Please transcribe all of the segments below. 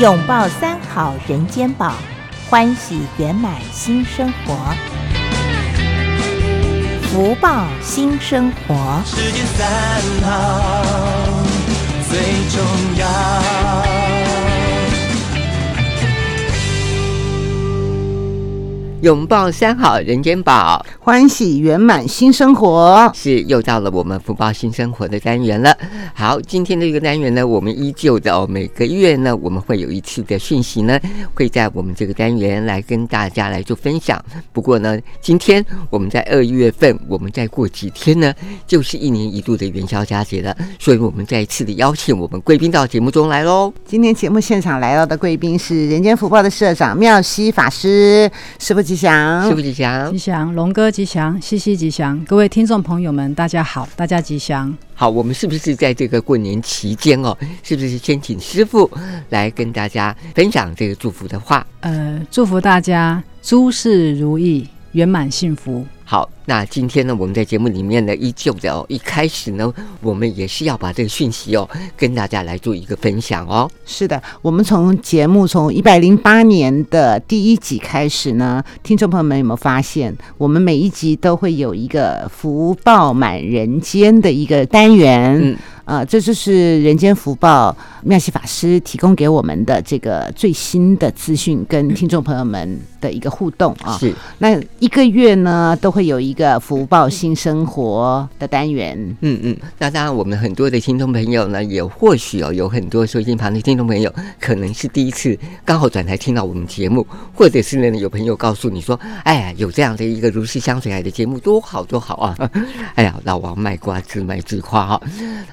擁抱三好人間寶，歡喜圓滿新生活，福報新生活。時間三好最重要。擁抱三好人間寶，歡喜圓滿新生活，是又到了我們福報新生活的單元了。好，今天的一個單元呢，我們依舊的哦，每個月呢，我們會有一次的訊息呢，會在我們這個單元來跟大家來做分享。不過呢，今天我們在二月份，我們再過幾天呢，就是一年一度的元宵佳節了，所以我們再一次的邀請我們貴賓到節目中來嘍。今天節目現場來到的貴賓是人間福報的社長妙熙法師，師不？吉祥，是不是吉祥？吉祥，龍哥吉祥，西西吉祥。各位聽眾朋友們，大家好，大家吉祥。好，我們是不是在這個過年期間哦？是不是先請師父來跟大家分享這個祝福的話？呃，祝福大家諸事如意。圓滿幸福。好，那今天呢，我們在節目裡面呢，依舊的哦，一開始呢，我們也是要把這個訊息哦，跟大家來做一個分享哦。是的，我們從節目從一百零八年的第一集開始呢，聽眾朋友們有沒有發現，我們每一集都會有一個福報滿人間的一個單元。嗯啊、呃，這就是人間福報妙熙法師提供給我們的這個最新的資訊，跟聽眾朋友們的一個互動啊、哦。是,那一個月呢，都會有一個福報新生活的單元。嗯嗯，那當然，我們很多的聽眾朋友呢，也或許哦，有很多收音旁的聽眾朋友，可能是第一次剛好轉台聽到我們節目，或者是呢，有朋友告訴你說，哎，呀，有這樣的一個如是香水海的節目，多好多好啊！哎呀，老王賣瓜，自賣自誇哈、啊。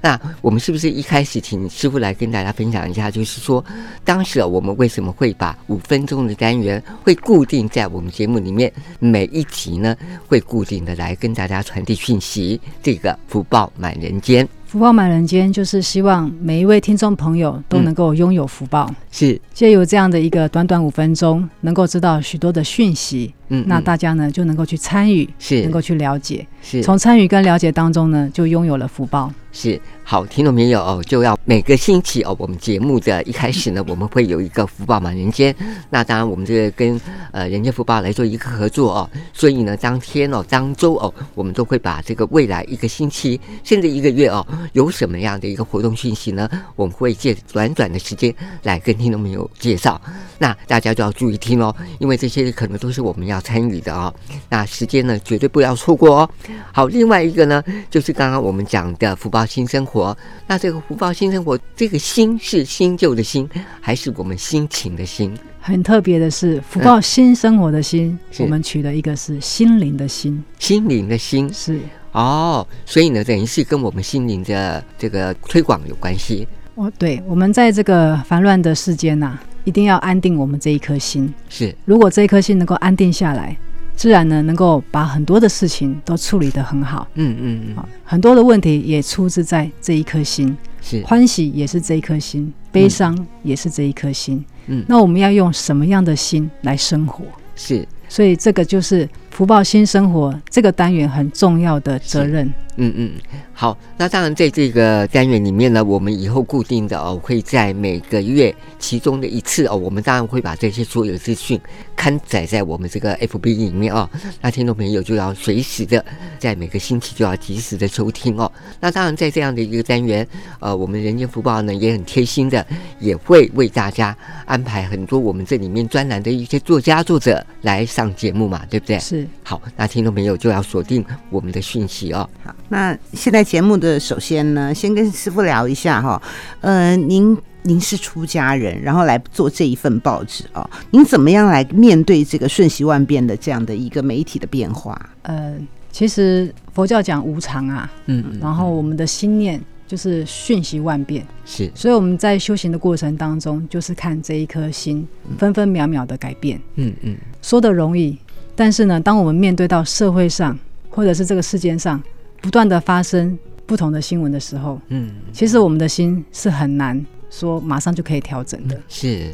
那、啊我們是不是一開始請師父來跟大家分享一下？就是說，當時啊，我們為什麼會把五分鐘的單元會固定在我們節目裡面？每一集呢，會固定的來跟大家傳遞訊息。這個福報滿人間，福報滿人間，就是希望每一位聽眾朋友都能夠擁有福報，嗯、是借由這樣的一個短短五分鐘，能夠知道許多的訊息。嗯，嗯，那大家呢就能夠去參與，是能夠去了解，是從參與跟了解當中呢就擁有了福報，是好。聽眾朋友哦，就要每個星期哦，我們節目的一開始呢， 我們會有一個福報滿人間。那當然，我們這個跟呃人間福報來做一個合作哦，所以呢，當天哦、當周哦，我們都會把這個未來一個星期甚至一個月哦有什麼樣的一個活動訊息呢，我們會借短短的時間來跟聽眾朋友介紹。那大家就要注意聽哦，因為這些可能都是我們要。參與的啊、哦，那時間呢，絕對不要錯過哦。好，另外一個呢，就是剛剛我們講的福報新生活。那這個福報新生活，這個“新”是新舊的“新”，還是我們心情的“心”？很特別的是，福報新生活的心、嗯，我們取的一個是心靈的心。心靈的心是哦，所以呢，等於是跟我們心靈的這個推廣有關係。哦，對，我們在這個煩亂的世間吶、啊。一定要安定我們這一顆心，是。如果這一顆心能夠安定下來，自然呢能夠把很多的事情都處理得很好。嗯嗯嗯、啊。很多的問題也出自在這一顆心，是。歡喜也是這一顆心、嗯，悲傷也是這一顆心。嗯。那我們要用什麼樣的心來生活？是。所以這個就是。福報新生活這個單元很重要的責任，嗯嗯，好，那當然在這個單元裡面呢，我們以後固定的哦，會在每個月其中的一次哦，我們當然會把這些所有資訊刊載在我們這個 FB 裡面哦。那聽眾朋友就要隨時的在每個星期就要及時的收聽哦。那當然在這樣的一個單元，呃，我們人間福報呢也很貼心的，也會為大家安排很多我們這裡面專欄的一些作家作者來上節目嘛，對不對？是。好，那聽眾朋友就要鎖定我們的訊息哦。好，那現在節目的首先呢，先跟師父聊一下哈。嗯、呃，您您是出家人，然後來做這一份報紙哦。您怎麼樣來面對這個瞬息萬變的這樣的一個媒體的變化？嗯、呃，其實佛教講無常啊，嗯，嗯，嗯，然後我們的心念就是瞬息萬變，是，所以我們在修行的過程當中，就是看這一顆心、嗯、分分秒秒的改變。嗯嗯，說得容易。但是呢，當我們面對到社會上，或者是這個世間上不斷的發生不同的新聞的時候，嗯，其實我們的心是很難說馬上就可以調整的。嗯、是，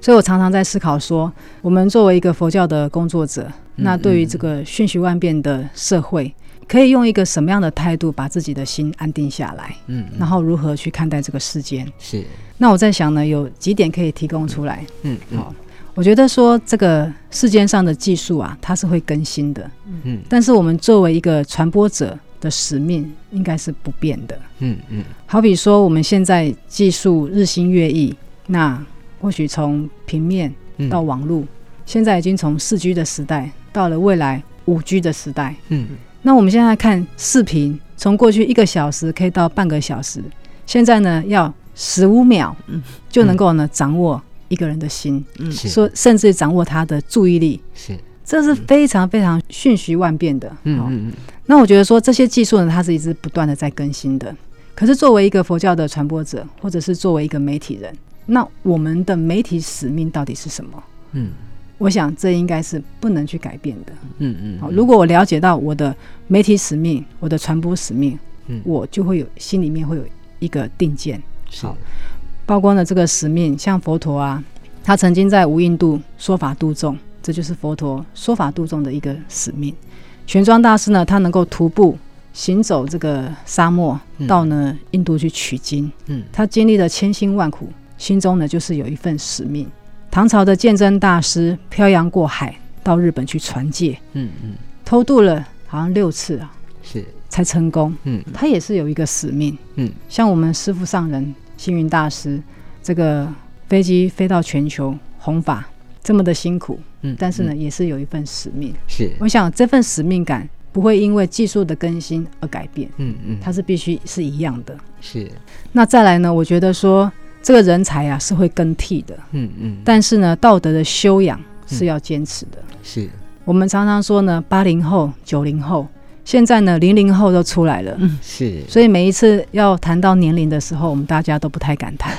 所以我常常在思考說，我們作為一個佛教的工作者，那對於這個瞬息萬變的社會、嗯嗯，可以用一個什麼樣的態度把自己的心安定下來？嗯，嗯然後如何去看待這個世間？是。那我在想呢，有幾點可以提供出來。嗯，嗯好。我覺得說這個世間上的技術啊，它是會更新的。嗯嗯。但是我們作為一個傳播者的使命，應該是不變的。嗯嗯。好比說，我們現在技術日新月異，那或許從平面到網絡，嗯、現在已經從四 G 的時代到了未來五 G 的時代。嗯。那我們現在看視頻，從過去一個小時可以到半個小時，現在呢要十五秒、嗯、就能夠呢、嗯、掌握。一個人的心，說甚至掌握他的注意力，是這是非常非常瞬息萬變的。嗯、哦、嗯嗯。那我覺得說這些技術呢，它是一直不斷的在更新的。可是作為一個佛教的傳播者，或者是作為一個媒體人，那我們的媒體使命到底是什麼？嗯，我想這應該是不能去改變的。嗯嗯，嗯。好、哦，如果我了解到我的媒體使命，我的傳播使命，嗯，我就會有心裡面會有一個定見。嗯、好。曝光的這個使命，像佛陀啊，他曾經在五印度說法度眾，這就是佛陀說法度眾的一個使命。玄奘大師呢，他能夠徒步行走這個沙漠，到呢印度去取經，嗯，他經歷了千辛萬苦，心中呢就是有一份使命。嗯、唐朝的鑒真大師漂洋過海到日本去傳戒，嗯嗯，偷渡了好像六次啊，是才成功，嗯，他也是有一個使命，嗯，像我們師父上人，星雲大師，這個飛機飛到全球，弘法這麼的辛苦，嗯，嗯，但是呢，也是有一份使命。是，我想這份使命感不會因為技術的更新而改變。嗯嗯，它是必須是一樣的。是，那再來呢？我覺得說這個人才啊是會更替的。嗯嗯，但是呢，道德的修養是要堅持的。嗯。是，我們常常說呢，八零後、九零後。現在呢，零零後都出來了，嗯，是，所以每一次要談到年齡的時候，我們大家都不太敢談，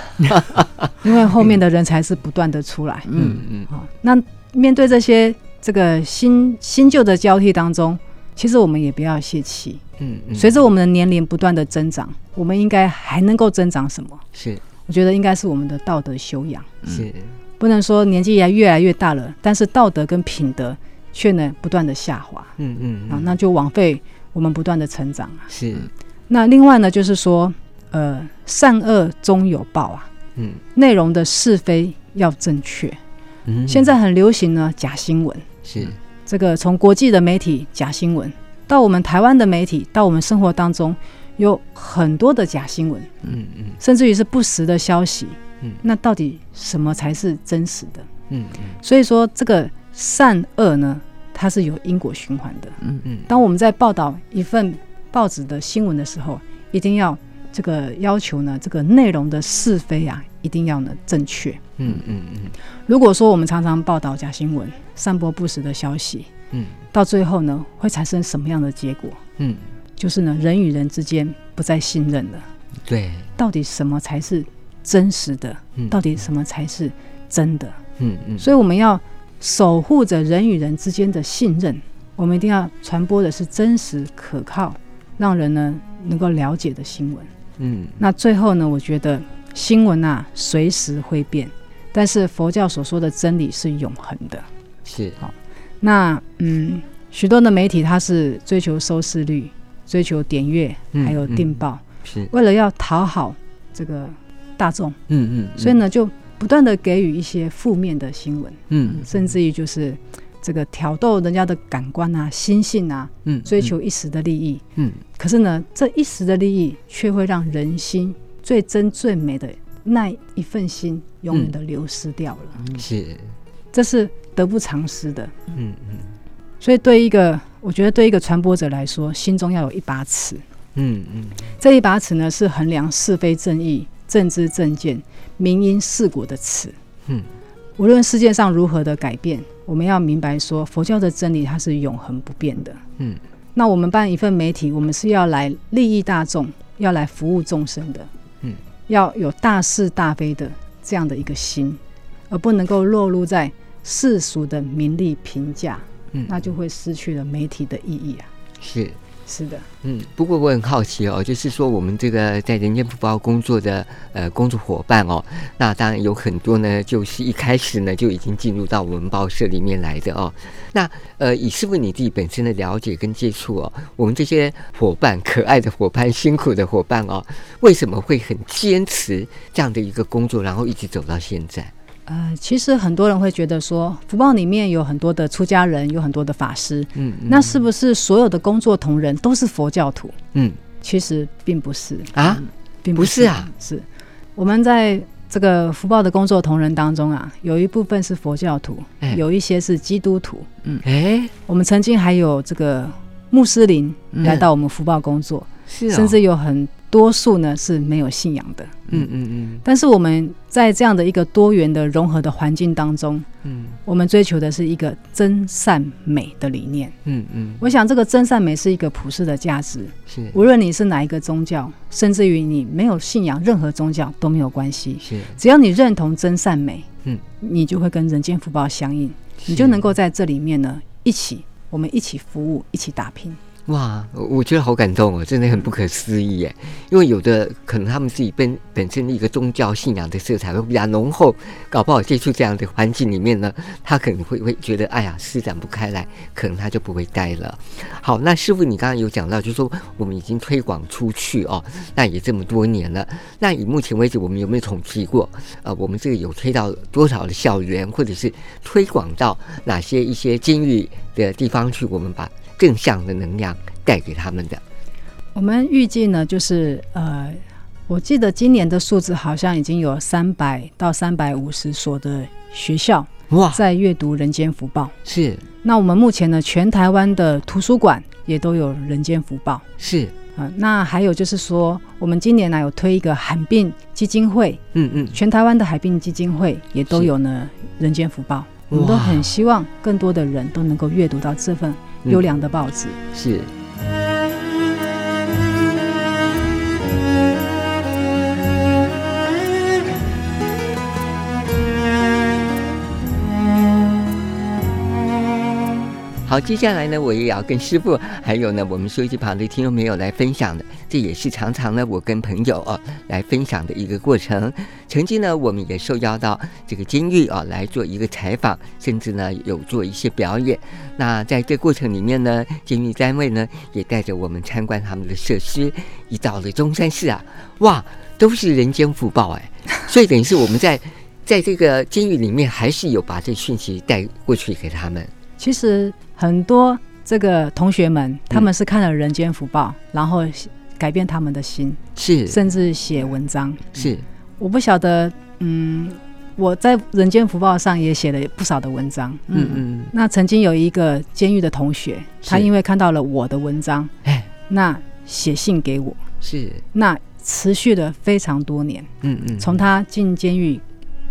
因為後面的人才是不斷的出來，嗯嗯，啊、嗯，那面對這些這個新新舊的交替當中，其實我們也不要洩氣，嗯，隨着我們的年齡不斷的增長，我們應該還能夠增長什麼？是，我覺得應該是我們的道德修養，嗯，是，不能說年紀也越來越大了，但是道德跟品德。卻呢不斷的下滑，嗯嗯，嗯，啊，那就枉費我們不斷的成長啊。是，那另外呢，就是說，呃，善惡終有報啊。嗯，內容的是非要正確。嗯，現在很流行呢假新聞。是，啊，這個從國際的媒體假新聞，到我們台灣的媒體，到我們生活當中有很多的假新聞。嗯嗯，甚至於是不實的消息。嗯，那到底什麼才是真實的？嗯嗯，所以說這個善惡呢。它是有因果循環的，嗯嗯。當我們在報道一份報紙的新聞的時候，一定要這個要求呢，這個內容的是非啊，一定要呢正確，嗯嗯嗯。如果說我們常常報道假新聞，散播不實的消息，嗯，到最後呢，會產生什麼樣的結果？嗯，就是呢，人與人之間不再信任了。對，到底什麼才是真實的？嗯，嗯，到底什麼才是真的？嗯嗯。所以我們要。守護着人與人之間的信任，我們一定要傳播的是真實可靠、讓人呢能夠了解的新聞。嗯，那最後呢，我覺得新聞啊隨時會變，但是佛教所說的真理是永恆的。是好，那嗯，許多的媒體它是追求收視率、追求點閱，還有訂報，嗯嗯是為了要討好這個大眾。嗯，嗯嗯，所以呢就。不斷的給予一些負面的新聞，嗯，甚至於就是這個挑逗人家的感官啊、心性啊，嗯，追求一時的利益，嗯，可是呢，這一時的利益卻會讓人心最真最美的那一份心永遠的流失掉了，嗯，是，這是得不償失的，嗯，嗯，所以對一個，我覺得對一個傳播者來說，心中要有一把尺，嗯嗯，這一把尺呢是衡量是非正義。正知正見、明因識果的詞，嗯，無論世界上如何的改變，我們要明白說，佛教的真理它是永恆不變的，嗯。那我們辦一份媒體，我們是要來利益大眾，要來服務眾生的，嗯，要有大是大非的這樣的一個心，而不能夠落入在世俗的名利評價，嗯，那就會失去了媒體的意義啊。是。是的，嗯，不過我很好奇哦，就是說我們這個在《人間福報》工作的呃工作夥伴哦，那當然有很多呢，就是一開始呢就已經進入到我們報社裡面來的哦。那呃，以師父你自己本身的了解跟接觸哦，我們這些夥伴，可愛的夥伴，辛苦的夥伴哦，為什麼會很堅持這樣的一個工作，然後一直走到現在？呃，其實很多人會覺得說，福報裡面有很多的出家人，有很多的法師嗯，嗯，那是不是所有的工作同仁都是佛教徒？嗯，其實並不是啊，嗯、並不是，不是啊，是我們在這個福報的工作同仁當中啊，有一部分是佛教徒，欸、有一些是基督徒，欸、嗯，誒、欸，我們曾經還有這個穆斯林來到我們福報工作。哦、甚至有很多數呢是沒有信仰的。嗯嗯嗯，嗯。但是我們在這樣的一個多元的融合的環境當中，嗯，我們追求的是一個真善美的理念。嗯嗯。我想這個真善美是一個普世的價值。是。無論你是哪一個宗教，甚至於你沒有信仰任何宗教都沒有關係。是。只要你認同真善美，嗯，你就會跟人間福報相應，你就能夠在這裡面呢一起，我們一起服務，一起打拼。哇，我覺得好感動哦，真的很不可思議耶！因為有的可能他們自己本本身的一個宗教信仰的色彩會比較濃厚，搞不好接觸這樣的環境裡面呢，他可能會會覺得哎呀施展不開來，可能他就不會待了。好，那師父你剛剛有講到就是，就說我們已經推廣出去哦，那也這麼多年了，那以目前為止我們有沒有統計過？呃，我們這個有推到多少的校園，或者是推廣到哪些一些監獄的地方去？我們把。正向的能量帶給他們的。我們預計呢，就是呃，我記得今年的數字好像已經有三百到三百五十所的學校哇，在閱讀《人間福報》是。那我們目前呢，全台灣的圖書館也都有《人間福報》是啊，呃。那還有就是說，我們今年呢有推一個罕病基金會，嗯嗯，全台灣的罕病基金會也都有呢《人間福報》，我們都很希望更多的人都能夠閱讀到這份。優良的報紙，嗯，是。好，接下來呢，我也要跟師父，還有呢，我們收音機旁的聽眾朋友來分享的，這也是常常呢，我跟朋友啊、哦、來分享的一個過程。曾經呢，我們也受邀到這個監獄啊、哦、來做一個採訪，甚至呢有做一些表演。那在這過程裡面呢，監獄單位呢也帶着我們參觀他們的設施，一到了中山市啊，哇，都是人間福報哎，所以等於是我們在在這個監獄裡面還是有把這訊息帶過去給他們。其實。很多這個同學們，他們是看了《人間福報》，嗯，然後改變他們的心，是甚至寫文章，嗯，是。我不曉得，嗯，我在《人間福報》上也寫了不少的文章，嗯嗯，嗯。那曾經有一個監獄的同學，他因為看到了我的文章，哎，那寫信給我，是。那持續了非常多年，嗯嗯，從他進監獄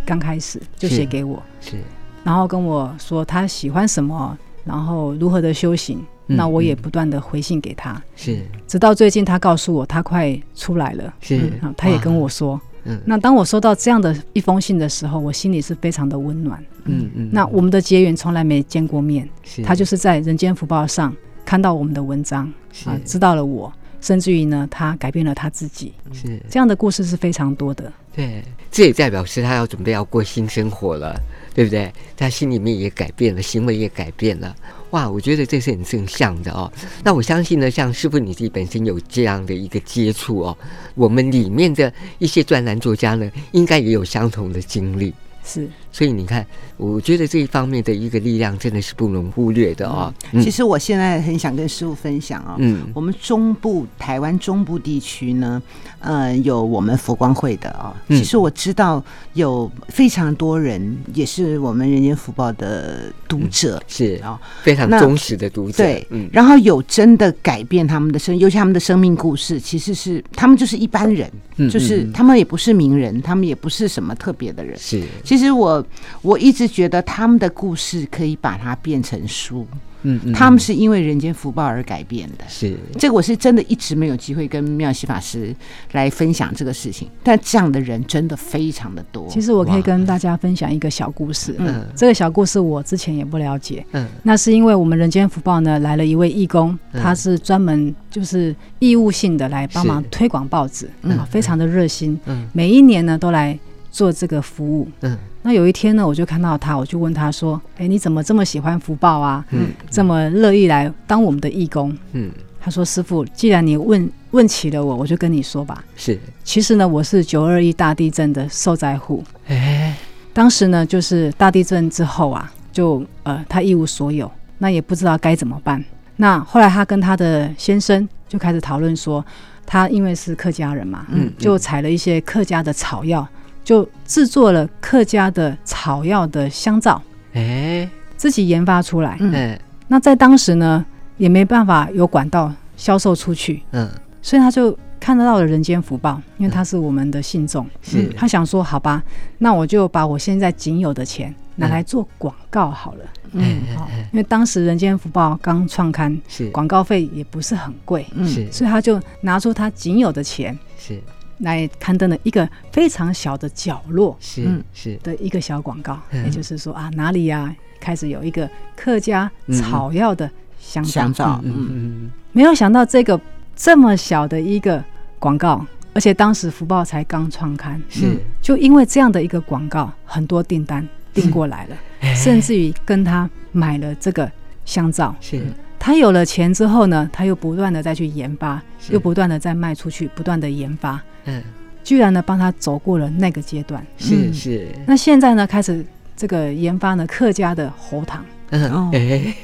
剛開始就寫給我是，是，然後跟我說他喜歡什麼。然後如何的修行，嗯，那我也不斷的回信給他，是，直到最近他告訴我他快出來了，是，啊、嗯，他也跟我說，嗯，那當我收到這樣的一封信的時候，我心裡是非常的溫暖，嗯嗯，那我們的結緣從來沒見過面，是他就是在人間福報上看到我們的文章，是啊，知道了我，甚至於呢，他改變了他自己，是、嗯，這樣的故事是非常多的，對，這也代表是他要準備要過新生活了。對不對？他心裡面也改變了，行為也改變了。哇，我覺得這是很正向的哦。那我相信呢，像師父你自己本身有這樣的一個接觸哦，我們裡面的一些專欄作家呢，應該也有相同的經歷。是。所以你看，我覺得這一方面的一個力量真的是不能忽略的啊、哦，嗯嗯。其實我現在很想跟師父分享啊、哦，嗯，我們中部台灣中部地區呢，嗯、呃，有我們佛光會的啊、哦，嗯。其實我知道有非常多人也是我們人間福報的讀者，嗯、是啊，非常忠實的讀者。對、嗯，然後有真的改變他們的生，尤其他們的生命故事，其實是他們就是一般人、嗯，就是他們也不是名人、嗯，他們也不是什麼特別的人。是，其實我。我，我一直覺得他們的故事可以把它變成書嗯。嗯，他們是因為人間福報而改變的。是，這個我是真的一直沒有機會跟妙熙法師來分享這個事情。但這樣的人真的非常的多。其實我可以跟大家分享一個小故事。嗯，嗯，這個小故事我之前也不了解。嗯，嗯，那是因為我們人間福報呢，來了一位義工，他是專門就是義務性的來幫忙推廣報紙，啊、嗯嗯嗯，非常的熱心。嗯，嗯嗯，每一年呢都來做這個服務。嗯。那有一天呢，我就看到他，我就問他說：“哎，你怎麼這麼喜歡福報啊？嗯，這麼樂意來當我們的義工？嗯，他說：‘師父，既然你問，問起了我，我就跟你說吧。是，其實呢，我是九二一大地震的受災戶。哎，當時呢，就是大地震之後啊，就呃，他一無所有，那也不知道該怎麼辦。那後來他跟他的先生就開始討論說，他因為是客家人嘛，嗯，就採了一些客家的草藥。嗯”嗯就製作了客家的草藥的香皂，欸，自己研發出來。嗯，那在當時呢，也沒辦法有管道銷售出去。嗯，所以他就看得到了《人間福報》，因為他是我們的信眾，嗯嗯。是，他想說，好吧，那我就把我現在僅有的錢拿來做廣告好了。欸，嗯，欸，因為當時《人間福報》剛創刊，廣告費也不是很貴。嗯，所以他就拿出他僅有的錢。是。來刊登了一個非常小的角落，是是的一個小廣告，也、欸、就是說啊，哪裡呀、啊，開始有一個客家草藥的香香皂，嗯皂嗯，嗯，嗯，嗯，沒有想到這個這麼小的一個廣告，而且當時福報才剛創刊，是、嗯、就因為這樣的一個廣告，很多訂單訂過來了，甚至於跟他買了這個香皂，是。嗯他有了錢之後呢，他又不斷的再去研發，又不斷的再賣出去，不斷的研發，嗯，居然呢幫他走過了那個階段，是是、嗯。那現在呢開始這個研發呢客家的喉糖、嗯哦欸，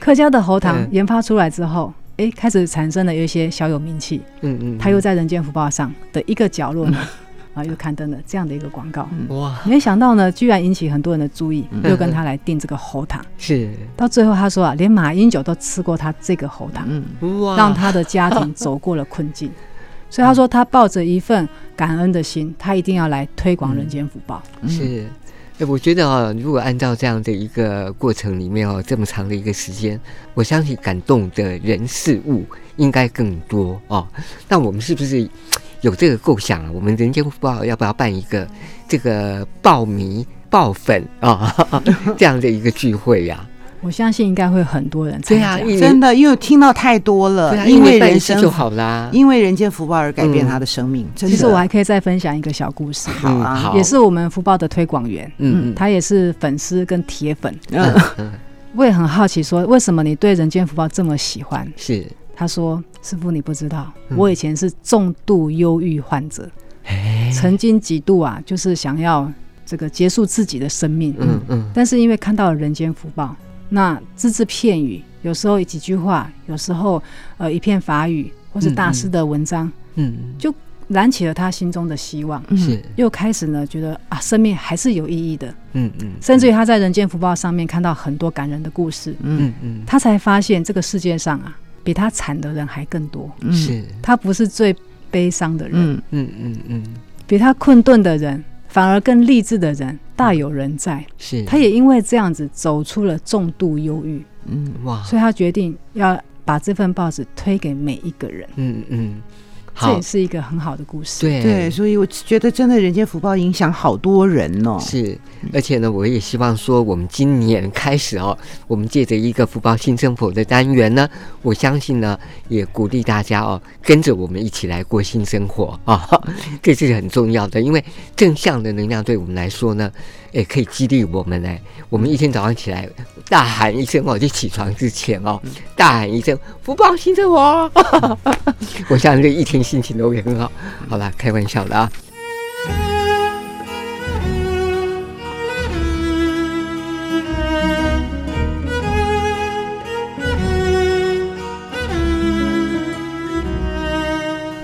客家的喉糖研發出來之後，哎、欸欸，開始產生了有一些小有名氣，嗯，嗯嗯，他又在人間福報上的一個角落呢。嗯嗯嗯啊，又刊登了這樣的一個廣告、嗯、哇！沒想到呢，居然引起很多人的注意，又跟他來訂這個喉糖、嗯。是，到最後他說啊，連馬英九都吃過他這個喉糖，嗯，哇，讓他的家庭走過了困境。 所以他說，他抱着一份感恩的心，他一定要來推廣人間福報。嗯嗯、是、欸，我覺得啊、哦，如果按照這樣的一個過程裡面哦，這麼長的一個時間，我相信感動的人事物應該更多哦。那我們是不是？有這個構想，我們人間福報要不要辦一個這個報迷、報粉啊、哦、這樣的一個聚會呀、啊？我相信應該會很多人參加。對呀、啊、真的，因為聽到太多了。啊、因為人生就好啦，因為人間福報而改變他的生命、嗯的。其實我還可以再分享一個小故事，嗯、好啊，也是我們福報的推廣員。嗯，嗯，嗯，他也是粉絲跟鐵粉。嗯， 嗯。我也很好奇說，說為什麼你對人間福報這麼喜歡？是。他說：“師父，你不知道，我以前是重度憂鬱患者，嗯，曾經幾度啊，就是想要這個結束自己的生命。嗯嗯。但是因為看到了人間福報，那字字片語，有時候幾句話，有時候呃一篇法語，或是大師的文章，嗯嗯，就燃起了他心中的希望，嗯。是，又開始呢，覺得啊，生命還是有意義的。嗯嗯。甚至於他在人間福報上面看到很多感人的故事。嗯嗯，他才發現這個世界上啊。”比他慘的人還更多，嗯，是，他不是最悲傷的人，嗯嗯嗯嗯，比他困頓的人反而更勵志的人大有人在，嗯，是，他也因為這樣子走出了重度憂鬱，嗯哇，所以他決定要把這份報紙推給每一個人，嗯嗯。這也是一個很好的故事，對，對，所以我覺得，真的，人間福報影響好多人哦。是，而且呢，我也希望說，我們今年開始哦，我們借着一個“福報新生活”的單元呢，我相信呢，也鼓勵大家哦，跟着我們一起來過新生活啊，哦，這是很重要的，因為正向的能量對我們來說呢，也可以激勵我們呢。我們一天早上起來，大喊一聲，哦，我就起床之前哦，大喊一聲“嗯、福報新生活”， 我相信這一天，心情都會很好，好啦，開玩笑的啊。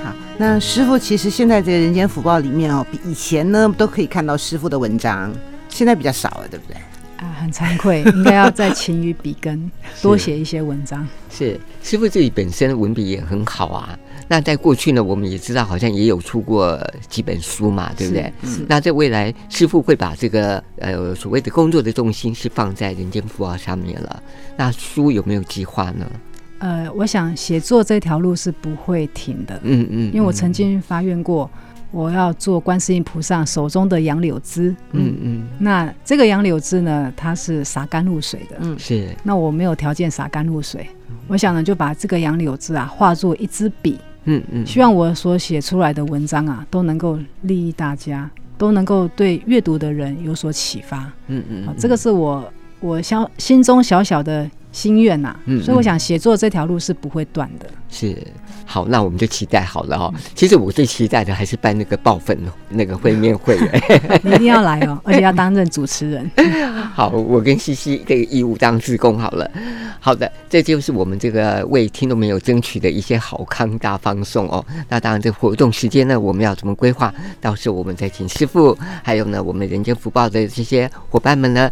好，那師父，其實現在這個《人間福報》裡面哦，比以前呢都可以看到師父的文章，現在比較少了，對不對？啊，很慚愧，應該要再勤於筆耕，多寫一些文章。是，是師父自己本身文筆也很好啊。那在過去呢，我們也知道，好像也有出過幾本書嘛，對不對？嗯。那在未來，師父會把這個呃所謂的工作的重心是放在人間福報上面了。那書有沒有計劃呢？呃，我想寫作這條路是不會停的。嗯嗯，嗯，因為我曾經發願過。嗯我要做觀世音菩薩手中的楊柳枝，嗯嗯，那這個楊柳枝呢，它是灑甘露水的，嗯是。那我沒有條件灑甘露水，嗯、我想呢就把這個楊柳枝啊化作一支筆，嗯嗯，希望我所寫出來的文章啊都能夠利益大家，都能夠對閱讀的人有所啟發，嗯嗯、啊，這個是我我心中小小的心願吶、啊嗯，所以我想寫作這條路是不會斷的，是。好，那我們就期待好了哦。其實我最期待的還是辦那個爆粉那個會面會， 一定要來哦， 而且要擔任主持人。 好，我跟西西這個義務當志工好了。好的，這就是我們這個為聽眾朋友爭取的一些好康大放送哦。那當然，這活動時間呢，我們要怎麼規劃？到時候我們再請師傅，還有呢，我們人間福報的這些夥伴們呢，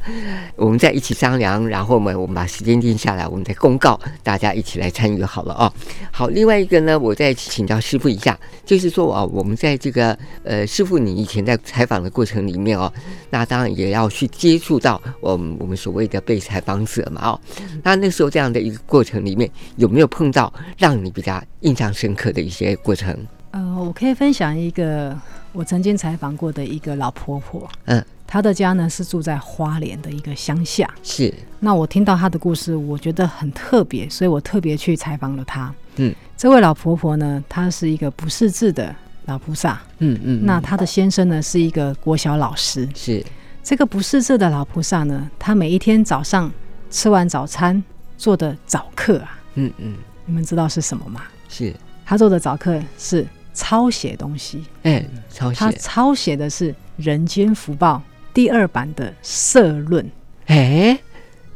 我們再一起商量。然後呢，我們把時間定下來，我們再公告大家一起來參與好了哦。好，另外一個呢。那我再請教師父一下，就是說啊，哦，我們在這個呃，師父，你以前在採訪的過程裡面哦，那當然也要去接觸到我們我們所謂的被採訪者嘛哦，那那時候這樣的一個過程裡面，有沒有碰到讓你比較印象深刻的一些過程？呃，我可以分享一個我曾經採訪過的一個老婆婆，嗯，她的家呢是住在花蓮的一個鄉下，是。那我聽到她的故事，我覺得很特別，所以我特別去採訪了她。嗯，這位老婆婆呢，她是一個不識字的老菩薩。嗯嗯，嗯，那她的先生呢，是一個國小老師。是，這個不識字的老菩薩呢，她每一天早上吃完早餐做的早課啊。嗯嗯，你們知道是什麼嗎？是，她做的早課是抄寫東西。哎、欸，抄寫。她抄寫的是《人間福報》第二版的社論。哎、欸、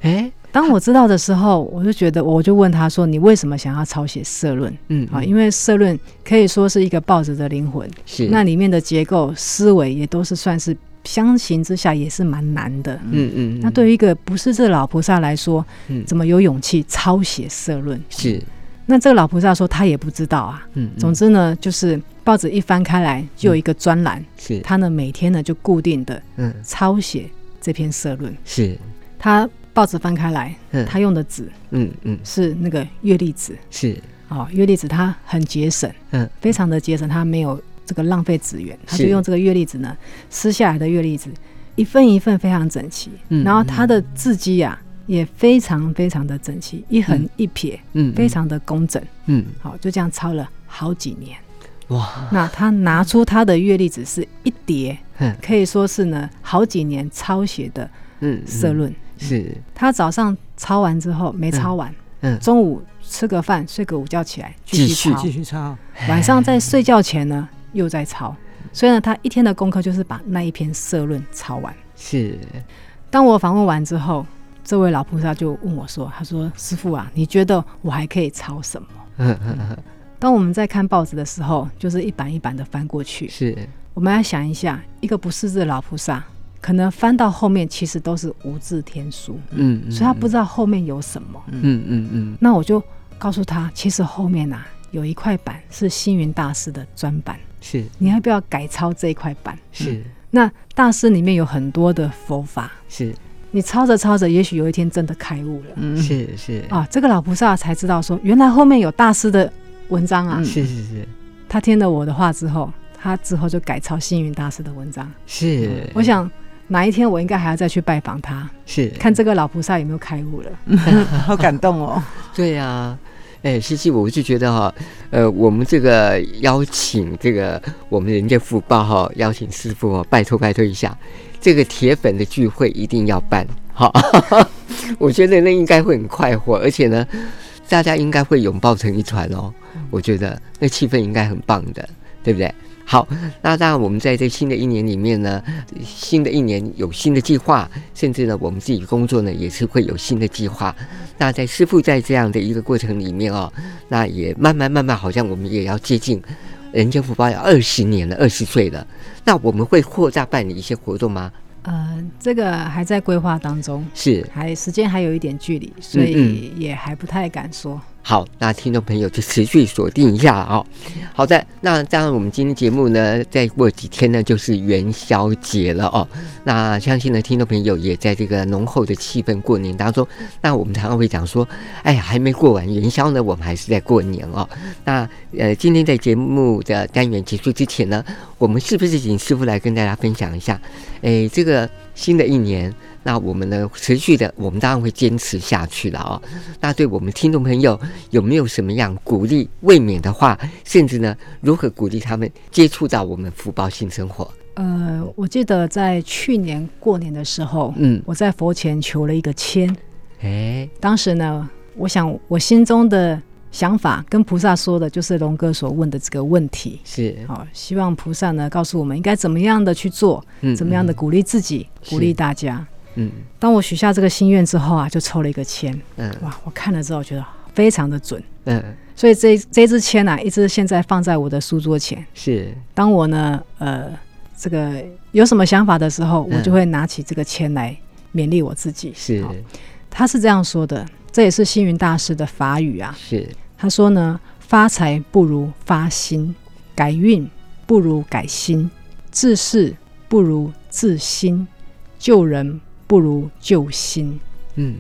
哎。欸。當我知道的時候，我就覺得，我就問他說：“你為什麼想要抄寫社論？”嗯，啊，因為社論可以說是一個報紙的靈魂，是那裡面的結構、思維也都是算是相形之下也是蠻難的。嗯嗯。那對於一個不是這老菩薩來說，嗯，怎麼有勇氣抄寫社論？是。那這個老菩薩說他也不知道啊。嗯。總之呢，就是報紙一翻開來就有一個專欄，是。他呢，每天呢就固定的嗯抄寫這篇社論，是。他。報紙翻開來，他用的紙，嗯嗯，是那個月曆紙、嗯嗯哦，是，哦，月曆紙，它很節省，嗯，非常的節省，他沒有這個浪費資源，他就用這個月曆紙呢，撕下來的月曆紙，一份一份非常整齊，嗯，然後他的字跡呀、啊、也非常非常的整齊，一橫一撇，嗯，非常的工整，嗯，好、嗯哦，就這樣抄了好幾年，哇，那他拿出他的月曆紙是一疊，可以說是呢好幾年抄寫的。嗯，社論是。他早上抄完之後沒抄完嗯，嗯，中午吃個飯，睡個午覺起來繼續抄，繼續抄。晚上在睡覺前呢，又在抄。所以呢，他一天的功課就是把那一篇社論抄完。是。當我訪問完之後，這位老菩薩就問我說：“他說，師父啊，你覺得我還可以抄什麼呵呵呵？”當我們在看報紙的時候，就是一版一版的翻過去。是。我們要想一下，一個不識字的老菩薩。可能翻到後面，其實都是無字天書，嗯，嗯，所以他不知道後面有什麼，嗯嗯嗯。那我就告訴他，其實後面啊，有一塊板是星雲大師的專版。是，你要不要改抄這一塊板？是、嗯。那大師裡面有很多的佛法，是。你抄着抄着，也許有一天真的開悟了，是是。啊，這個老菩薩才知道說，原來後面有大師的文章啊，是是是。他聽了我的話之後，他之後就改抄星雲大師的文章，是。嗯、我想。哪一天我應該還要再去拜訪他，是看這個老菩薩有沒有開悟了， 好感動哦。 對呀、啊，哎、欸，西西，我就覺得哈、哦，呃，我們這個邀請這個我們人間福報哈、哦，邀請師傅哦，拜托拜托一下，這個鐵粉的聚會一定要辦哈。哦、 我覺得那應該會很快活，而且呢，大家應該會擁抱成一團哦、嗯。我覺得那氣氛應該很棒的，對不對？好，那當然，我們在這新的一年裡面呢，新的一年有新的計劃，甚至呢，我們自己工作呢也是會有新的計劃。那在師父在這樣的一個過程裡面哦，那也慢慢慢慢，好像我們也要接近人間福報要二十年了，二十歲了。那我們會擴大辦理一些活動嗎？呃，這個還在規劃當中，是，還時間還有一點距離，所以也還不太敢說。嗯嗯好，那聽眾朋友就持續鎖定一下哦，好的，那當然我們今天節目呢，再過幾天呢就是元宵節了哦。那相信呢，聽眾朋友也在這個濃厚的氣氛過年當中。那我們常常會講說，哎呀，還沒過完元宵呢，我們還是在過年哦。那呃，今天在節目的單元結束之前呢，我們是不是請師父來跟大家分享一下？哎，這個新的一年。那我們呢，持續的，我們當然會堅持下去了哦。那對我們聽眾朋友有沒有什麼樣鼓勵、慰勉的話？甚至呢，如何鼓勵他們接觸到我們福報新生活？呃，我記得在去年過年的時候，嗯，我在佛前求了一個籤。欸、當時呢，我想我心中的想法跟菩薩說的就是瀧哥所問的這個問題。是，好、哦，希望菩薩呢告訴我們應該怎麼樣的去做，嗯、怎麼樣的鼓勵自己，嗯、鼓勵大家。嗯，當我許下這個心願之後啊，就抽了一個籤。嗯，哇，我看了之後覺得非常的準。嗯，所以這這支籤呢、啊，一直現在放在我的書桌前。是，當我呢，呃，這個有什麼想法的時候，嗯、我就會拿起這個籤來勉勵我自己。是，他是這樣說的，這也是星雲大師的法語啊。是，他說呢，發財不如發心，改運不如改心，治世不如治心，救人，不如救心，嗯，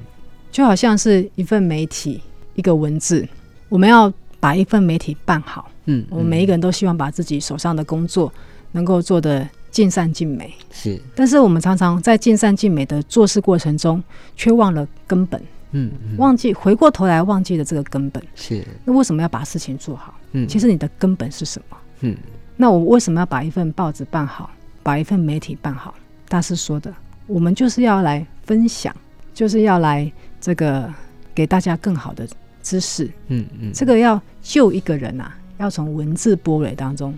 就好像是一份媒體，一個文字，我們要把一份媒體辦好，嗯，嗯，我們每一個人都希望把自己手上的工作能夠做得盡善盡美，是，但是我們常常在盡善盡美的做事過程中，卻忘了根本，嗯，嗯，忘記回過頭來忘記了這個根本，是，那為什麼要把事情做好？嗯，其實你的根本是什麼？嗯，那我為什麼要把一份報紙辦好，把一份媒體辦好？大師說的。我們就是要來分享，就是要來這個給大家更好的知識。嗯嗯，這個要救一個人啊，要從文字般若當中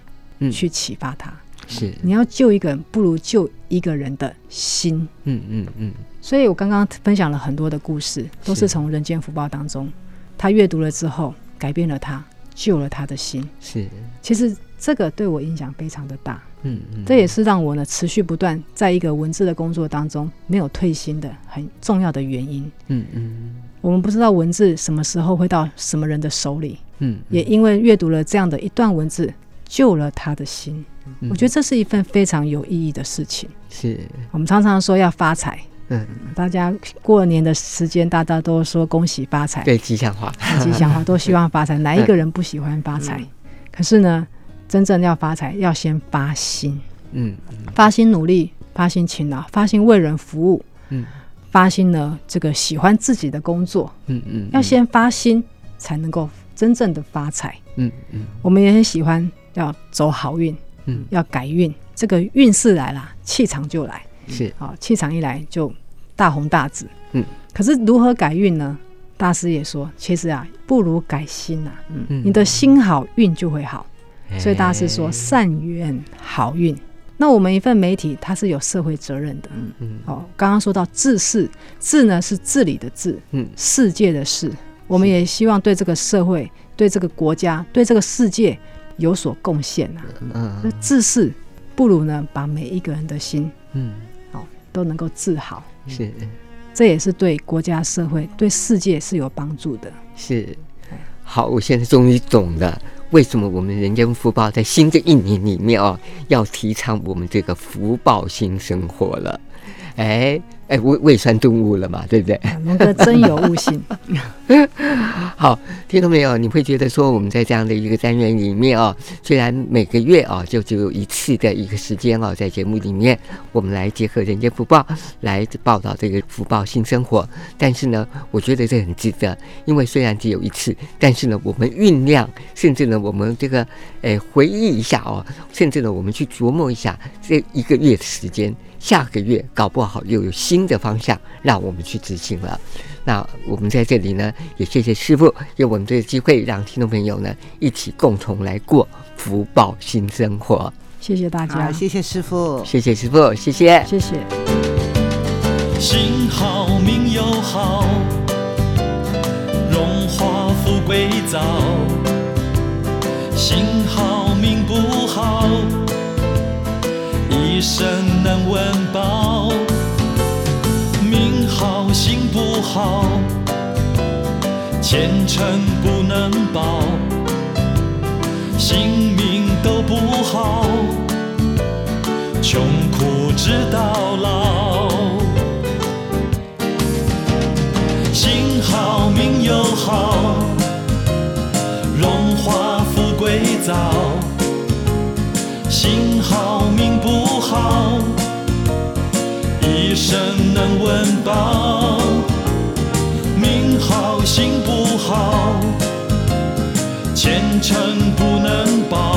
去啟發他、嗯。是，你要救一個人，不如救一個人的心。嗯嗯嗯。所以我剛剛分享了很多的故事，都是從《人間福報》當中，他閱讀了之後，改變了他，救了他的心。是，其實這個對我影響非常的大。嗯嗯、這也是讓我呢持續不斷在一個文字的工作當中，沒有退心的很重要的原因。嗯嗯，我們不知道文字什麼時候會到什麼人的手裡。嗯，嗯也因為閱讀了這樣的一段文字，救了他的心。嗯、我覺得這是一份非常有意義的事情。是我們常常說要發財。嗯，大家過年的時間大家都說恭喜發財，對吉祥話、吉祥話、啊、 都希望發財、嗯，哪一個人不喜歡發財？嗯嗯、可是呢，真正要發財，要先發心、嗯。嗯，發心努力，發心勤勞，發心為人服務。嗯，發心呢，這個喜歡自己的工作。嗯嗯，嗯，要先發心，才能夠真正的發財。嗯嗯，我們也很喜歡要走好運。嗯，要改運，這個運勢來了，氣場就來。是，好、哦、氣場一來就大紅大紫。嗯，可是如何改運呢？大師也說，其實啊，不如改心吶、啊嗯。嗯，你的心好，運就會好。所以大師說善緣好運。那我們一份媒體，它是有社會責任的。嗯嗯。哦，剛剛說到治世，治呢是治理的治，嗯，世界的事。我們也希望對這個社會、對這個國家、對這個世界有所貢獻啊。嗯。那治世不如呢，把每一個人的心，嗯、哦，好都能夠治好、嗯。是。這也是對國家、社會、對世界是有幫助的。是。好，我現在終於懂了。為什麼我們人間福報在新的一年裡面哦、啊，要提倡我們這個福報新生活了？哎哎，胃胃酸頓悟了嘛，對不對？啊、瀧哥真有悟性。 好，聽到沒有？你會覺得說我們在這樣的一個單元裡面哦，雖然每個月哦就只有一次的一個時間哦，在節目裡面，我們來結合人間福報來報道這個福報新生活，但是呢，我覺得這很值得，因為雖然只有一次，但是呢，我們醞釀，甚至呢，我們這個哎回憶一下哦，甚至呢，我們去琢磨一下這一個月的時間。下個月搞不好又有新的方向讓我們去執行了。那我們在這裡呢，也謝謝師父，用我們這個機會，讓聽眾朋友呢一起共同來過福報新生活。謝謝大家，謝謝師父，謝謝師父，謝謝，謝謝。心好命又好，榮華富貴早，幸好。前程不能保，性命都不好，窮苦直到老。心好命又好，榮華富貴早。心好命不好，一生能溫飽。城不能保。